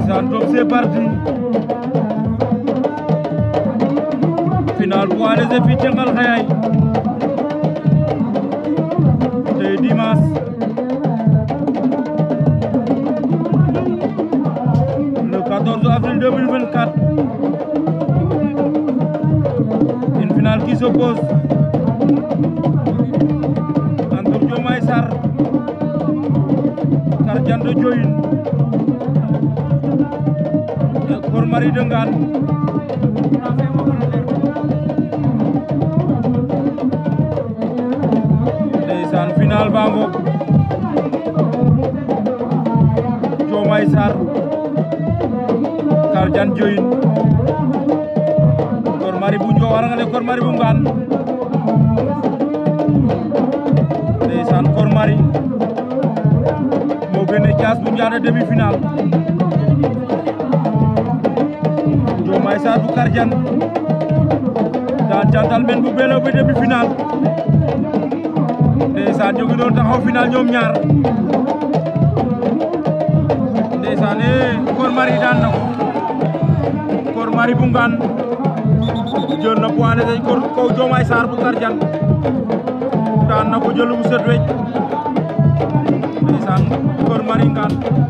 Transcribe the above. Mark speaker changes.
Speaker 1: ndeysaan donc c'est parti final poids léger fii ci Ngalaxeyaay tey dimanche le 14 avril 2024 une finale qui s'oppose entre Diomaye Sarr Kar Diando Diohine Ngor Marie Ndeungaan ndeysaan final baa ngoog Diomaye Sarr Kardian Diohine Ngor Marie bu Ndiol wala nga bu Ngaan ndeysaan Ngor Marie moo génne caas bu ñaata demi final ndeysaan bu Kardiane daan jantal men bu Bello bi demi final ndeysaan ñu ngi doon taxaw final ñoom ñaar ndeysaan eh Kor Marie daan na ko Kor Marie bu ngaan jël na point ne dañ ko kaw Diomaye Sarr bu Kardiane daan na ko jël bu set wecc ndeysaan Kor Marie ngaan